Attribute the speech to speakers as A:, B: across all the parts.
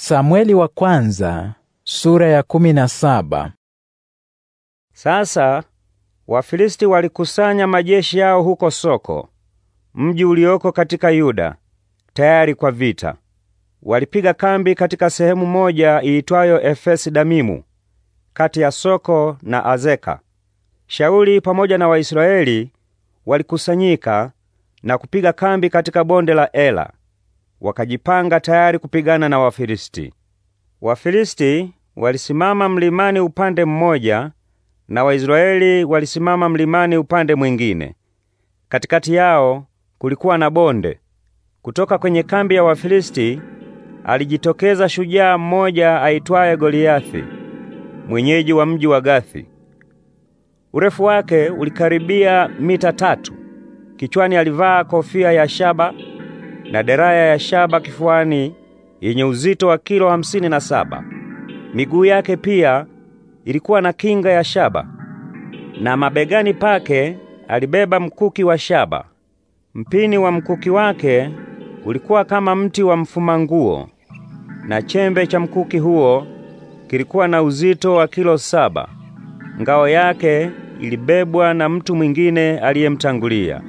A: Samueli wa kwanza, sura ya kumi na saba.
B: Sasa Wafilisti walikusanya majeshi yao huko Soko, mji ulioko katika Yuda, tayari kwa vita. Walipiga kambi katika sehemu moja iitwayo Efesi Damimu, kati ya Soko na Azeka. Shauli pamoja na Waisraeli walikusanyika na kupiga kambi katika bonde la Ela wakajipanga tayari kupigana na Wafilisti. Wafilisti walisimama mlimani upande mmoja na Waisraeli walisimama mlimani upande mwingine. Katikati yao kulikuwa na bonde. Kutoka kwenye kambi ya Wafilisti alijitokeza shujaa mmoja aitwaye Goliathi, mwenyeji wa mji wa Gathi. Urefu wake ulikaribia mita tatu. Kichwani alivaa kofia ya shaba na deraya ya shaba kifuani yenye uzito wa kilo hamsini na saba. Miguu yake pia ilikuwa na kinga ya shaba, na mabegani pake alibeba mkuki wa shaba. Mpini wa mkuki wake ulikuwa kama mti wa mfuma nguo, na chembe cha mkuki huo kilikuwa na uzito wa kilo saba. Ngao yake ilibebwa na mtu mwingine aliyemtangulia.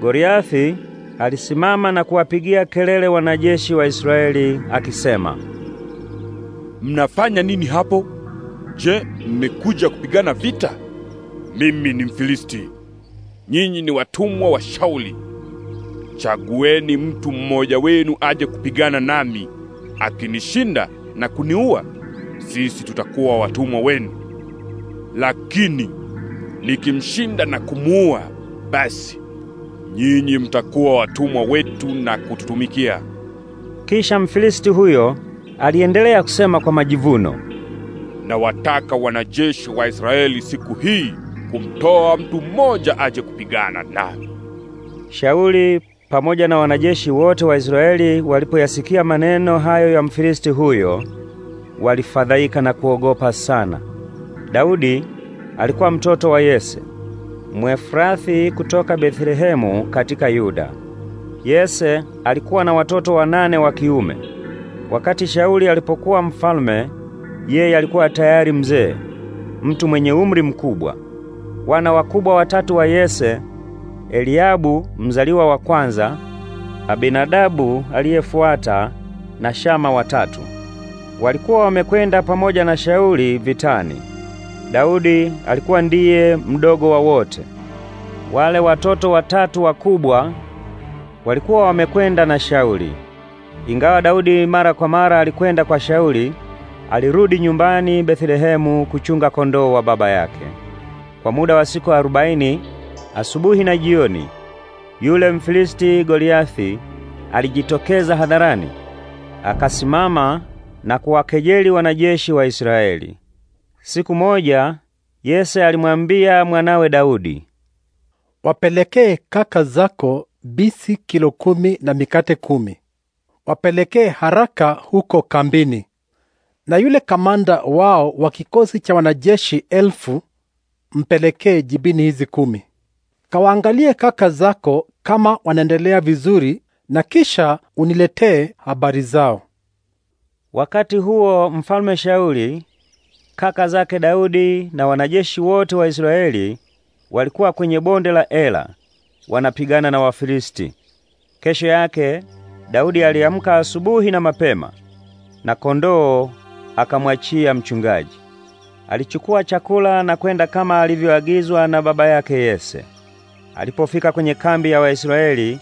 B: Goliathi alisimama na kuwapigia kelele wanajeshi wa Israeli akisema, mnafanya nini hapo? Je, mmekuja
A: kupigana vita? Mimi ni Mfilisti, nyinyi ni watumwa wa Shauli. Chagueni mtu mmoja wenu aje kupigana nami, akinishinda na kuniua, sisi tutakuwa watumwa wenu. Lakini nikimshinda na kumuua, basi nyinyi mtakuwa watumwa wetu na kututumikia.
B: Kisha Mfilisti huyo aliendelea kusema kwa majivuno,
A: na wataka wanajeshi wa Israeli siku hii kumtoa mtu mmoja aje kupigana nami.
B: Shauli pamoja na wanajeshi wote wa Israeli walipoyasikia maneno hayo ya Mfilisti huyo, walifadhaika na kuogopa sana. Daudi alikuwa mtoto wa Yese Mwefrathi kutoka Bethlehemu katika Yuda. Yese alikuwa na watoto wanane wa kiume. Wakati Shauli alipokuwa mfalme, yeye alikuwa tayari mzee, mtu mwenye umri mkubwa. Wana wakubwa watatu wa Yese, Eliabu mzaliwa wa kwanza, Abinadabu aliyefuata na Shama watatu. Walikuwa wamekwenda pamoja na Shauli vitani. Daudi alikuwa ndiye mdogo wa wote. Wale watoto watatu wakubwa walikuwa wamekwenda na Shauli. Ingawa Daudi mara kwa mara alikwenda kwa Shauli, alirudi nyumbani Bethlehemu kuchunga kondoo wa baba yake. Kwa muda wa siku arobaini, asubuhi na jioni, yule Mfilisti Goliathi alijitokeza hadharani, akasimama na kuwakejeli wanajeshi wa Israeli. Siku moja Yese alimwambia mwanawe Daudi, wapelekee kaka zako bisi kilo kumi na mikate kumi, wapelekee haraka huko
A: kambini. Na yule kamanda wao wa kikosi cha wanajeshi elfu mpelekee jibini hizi kumi. Kawaangalie kaka zako
B: kama wanaendelea vizuri, na kisha uniletee habari zao. Wakati huo mfalme Shauli kaka zake Daudi na wanajeshi wote wa Israeli walikuwa kwenye bonde la Ela wanapigana na Wafilisti. Kesho yake Daudi aliamka asubuhi na mapema, na kondoo akamwachia mchungaji. Alichukua chakula na kwenda kama alivyoagizwa na baba yake Yese. Alipofika kwenye kambi ya Waisraeli,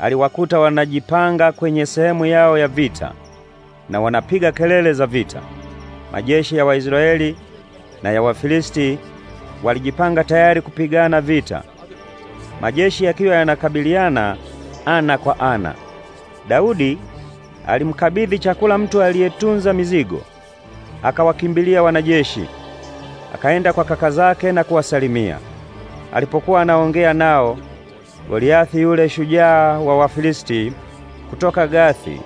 B: aliwakuta wanajipanga kwenye sehemu yao ya vita na wanapiga kelele za vita majeshi ya Waisraeli na ya Wafilisti walijipanga tayari kupigana vita, majeshi yakiwa yanakabiliana ana kwa ana. Daudi alimkabidhi chakula mtu aliyetunza mizigo, akawakimbilia wanajeshi, akaenda kwa kaka zake na kuwasalimia. Alipokuwa anaongea nao, Goliathi yule shujaa wa Wafilisti kutoka Gathi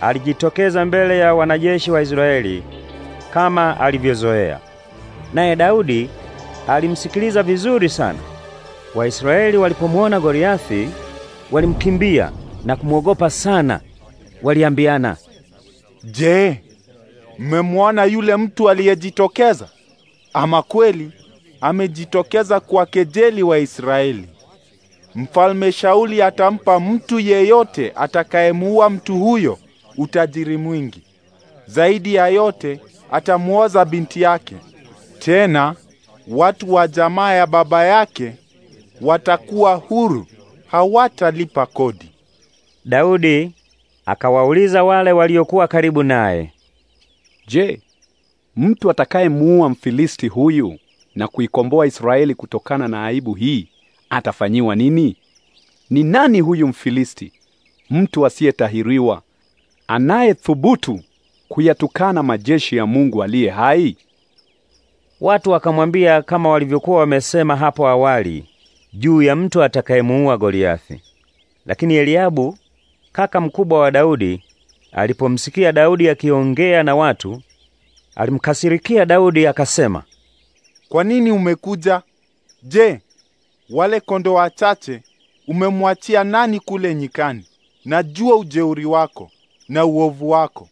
B: alijitokeza mbele ya wanajeshi wa Israeli kama alivyozoea. Naye Daudi alimsikiliza vizuri sana. Waisraeli walipomwona Goliathi walimkimbia na kumwogopa sana. Waliambiana,
A: "Je, mmemwona yule mtu aliyejitokeza? Ama kweli amejitokeza kwa kejeli wa Israeli. Mfalme Shauli atampa mtu yeyote atakayemuua mtu huyo utajiri mwingi. Zaidi ya yote atamwoza binti yake. Tena
B: watu wa jamaa ya baba yake watakuwa huru, hawatalipa kodi. Daudi akawauliza wale waliokuwa karibu
A: naye, Je, mtu atakayemuua Mfilisti huyu na kuikomboa Israeli kutokana na aibu hii atafanyiwa nini? Ni nani huyu Mfilisti, mtu asiyetahiriwa anayethubutu
B: kuyatukana majeshi ya Mungu aliye hai? Watu wakamwambia kama walivyokuwa wamesema hapo awali juu ya mtu atakayemuua Goliathi. Lakini Eliabu kaka mkubwa wa Daudi alipomsikia Daudi akiongea na watu, alimkasirikia Daudi akasema, kwa nini umekuja? Je, wale kondoo wachache umemwachia
A: nani kule nyikani? Najua ujeuri wako na uovu wako,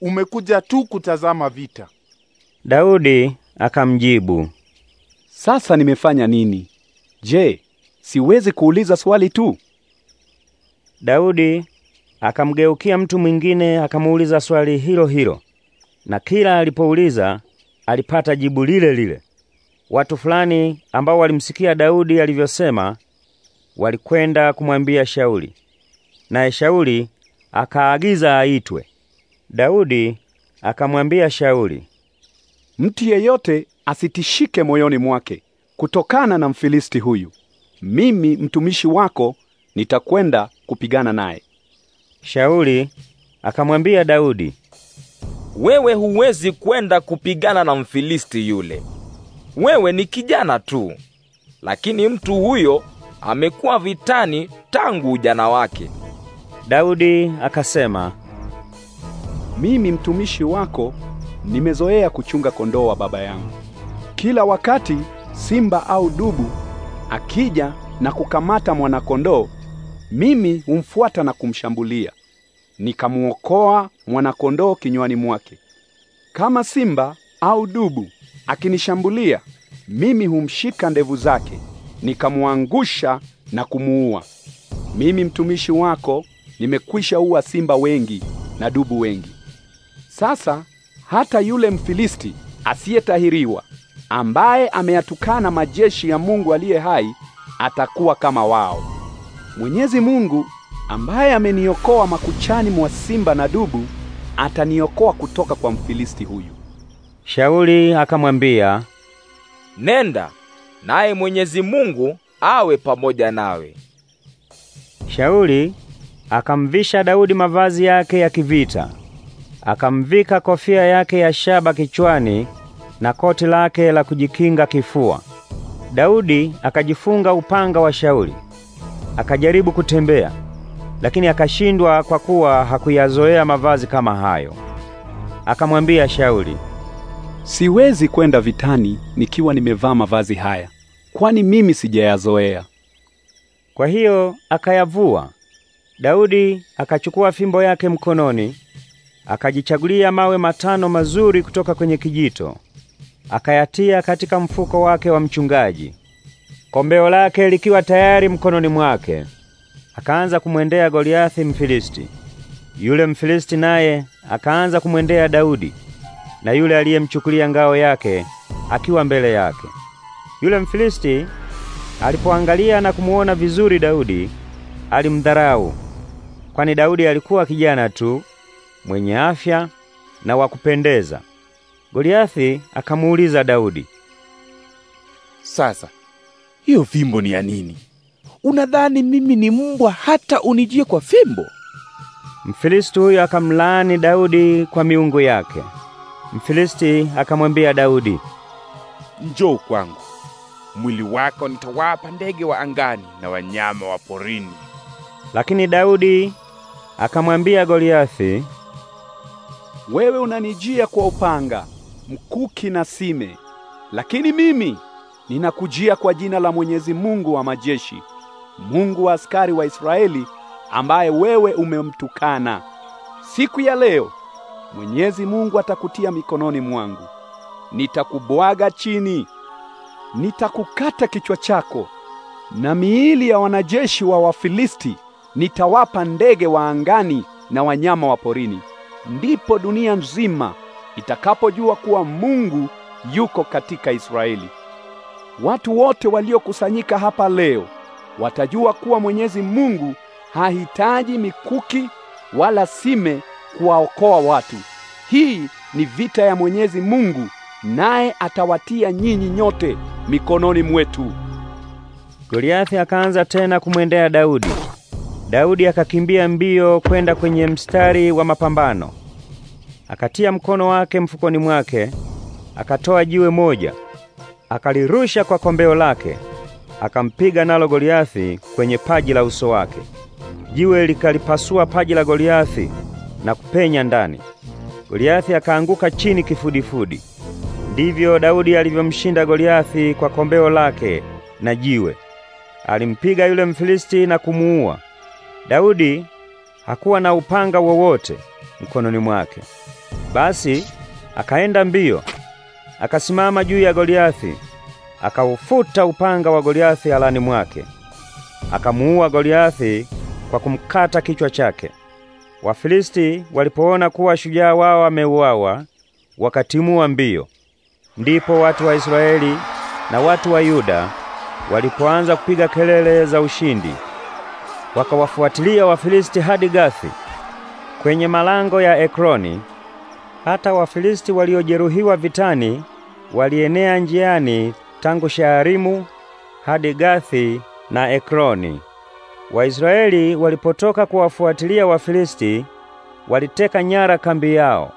A: umekuja tu kutazama vita?
B: Daudi akamjibu,
A: sasa nimefanya nini? Je, siwezi kuuliza swali tu?
B: Daudi akamgeukia mtu mwingine akamuuliza swali hilo hilo, na kila alipouliza alipata jibu lile lile. Watu fulani ambao walimsikia Daudi alivyosema walikwenda kumwambia Shauli, naye Shauli akaagiza aitwe. Daudi akamwambia Shauli, mtu yeyote asitishike
A: moyoni mwake kutokana na Mfilisti huyu. Mimi mtumishi wako nitakwenda kupigana naye. Shauli akamwambia Daudi, wewe huwezi kwenda kupigana na Mfilisti yule. Wewe ni kijana tu, lakini mtu huyo amekuwa vitani tangu ujana wake. Daudi akasema, mimi mtumishi wako nimezoea kuchunga kondoo wa baba yangu. Kila wakati simba au dubu akija na kukamata mwanakondoo, mimi humfuata na kumshambulia, nikamwokoa mwanakondoo kinywani mwake. Kama simba au dubu akinishambulia, mimi humshika ndevu zake, nikamwangusha na kumuua. Mimi mtumishi wako nimekwisha uwa simba wengi na dubu wengi. Sasa hata yule Mfilisti asiyetahiriwa ambaye ameyatukana majeshi ya Mungu aliye hai atakuwa kama wao. Mwenyezi Mungu ambaye ameniokoa makuchani mwa simba na dubu ataniokoa kutoka kwa Mfilisti huyu.
B: Shauli akamwambia,
A: nenda naye Mwenyezi Mungu awe pamoja nawe.
B: Shauli akamvisha Daudi mavazi yake ya kivita Akamvika kofia yake ya shaba kichwani na koti lake la kujikinga kifua. Daudi akajifunga upanga wa shauli Akajaribu kutembea, lakini akashindwa kwa kuwa hakuyazoea mavazi kama hayo. Akamwambia Shauli, siwezi kwenda vitani nikiwa nimevaa mavazi haya, kwani mimi sijayazoea. Kwa hiyo akayavua. Daudi akachukua fimbo yake mkononi Akajichagulia mawe matano mazuri kutoka kwenye kijito, akayatia katika mfuko wake wa mchungaji, kombeo lake likiwa tayari mkononi mwake. Akaanza kumwendea Goliathi Mfilisti. Yule Mfilisti naye akaanza kumwendea Daudi na yule aliyemchukulia ngao yake akiwa mbele yake. Yule Mfilisti alipoangalia na kumuona vizuri Daudi, alimdharau, kwani Daudi alikuwa kijana tu mwenye afya na wa kupendeza. Goliathi akamuuliza Daudi, sasa hiyo fimbo ni ya nini? Unadhani mimi ni mbwa hata unijie kwa fimbo? Mfilisti huyo akamlaani Daudi kwa miungu yake. Mfilisti akamwambia Daudi, njoo kwangu, mwili
A: wako nitawapa ndege wa angani na wanyama wa porini.
B: Lakini Daudi akamwambia Goliathi,
A: wewe unanijia kwa upanga, mkuki na sime, lakini mimi ninakujia kwa jina la Mwenyezi Mungu wa majeshi, Mungu wa askari wa Israeli, ambaye wewe umemtukana. Siku ya leo Mwenyezi Mungu atakutia mikononi mwangu, nitakubwaga chini, nitakukata kichwa chako, na miili ya wanajeshi wa Wafilisti nitawapa ndege wa angani na wanyama wa porini ndipo dunia nzima itakapojua kuwa Mungu yuko katika Israeli. Watu wote waliokusanyika hapa leo watajua kuwa Mwenyezi Mungu hahitaji mikuki wala sime kuwaokoa watu. Hii ni vita ya Mwenyezi Mungu, naye atawatia nyinyi nyote mikononi mwetu.
B: Goliathi akaanza tena kumwendea Daudi. Daudi akakimbia mbio kwenda kwenye mstari wa mapambano. Akatia mkono wake mfukoni mwake, akatoa jiwe moja, akalirusha kwa kombeo lake, akampiga nalo Goliathi kwenye paji la uso wake. Jiwe likalipasua paji la Goliathi na kupenya ndani. Goliathi akaanguka chini kifudifudi. Ndivyo Daudi alivyomshinda Goliathi kwa kombeo lake na jiwe. Alimpiga yule Mfilisti na kumuua. Daudi hakuwa na upanga wowote mkononi mwake. Basi akaenda mbio, akasimama juu ya Goliathi, akaufuta upanga wa Goliathi alani mwake, akamuua Goliathi kwa kumkata kichwa chake. Wafilisti walipoona kuwa shujaa wao ameuawa, wakatimua mbio. Ndipo watu wa Israeli na watu wa Yuda walipoanza kupiga kelele za ushindi wakawafuatilia Wafilisti hadi Gathi kwenye malango ya Ekroni. Hata Wafilisti waliojeruhiwa vitani walienea njiani tangu Shaharimu hadi Gathi na Ekroni. Waisraeli walipotoka kuwafuatilia Wafilisti, waliteka nyara kambi yao.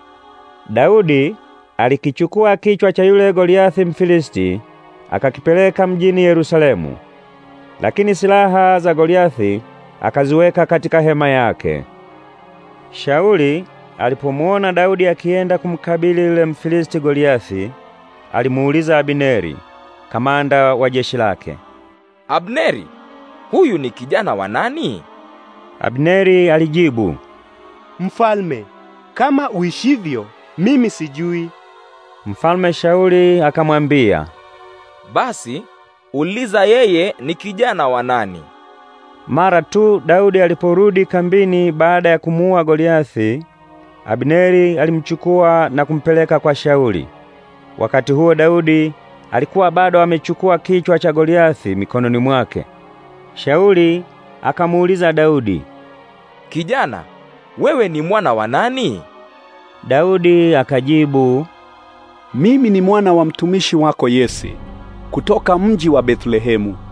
B: Daudi alikichukua kichwa cha yule Goliathi Mfilisti akakipeleka mjini Yerusalemu. Lakini silaha za Goliathi akaziweka katika hema yake. Shauli alipomuona Daudi akienda kumkabili yule Mfilisti Goliathi, alimuuliza Abineri, kamanda wa jeshi lake, Abneri, huyu ni kijana wa nani? Abneri alijibu, Mfalme, kama uishivyo, mimi sijui. Mfalme Shauli akamwambia,
A: basi uliza yeye ni kijana wa nani,
B: mara tu Daudi aliporudi kambini baada ya kumuua Goliathi, Abineri alimchukua na kumpeleka kwa Shauli. Wakati huo Daudi alikuwa bado amechukua kichwa cha Goliathi mikononi mwake. Shauli akamuuliza Daudi, "Kijana, wewe ni mwana wa nani?"
A: Daudi akajibu, "Mimi ni mwana wa mtumishi wako Yese kutoka mji wa Bethlehemu."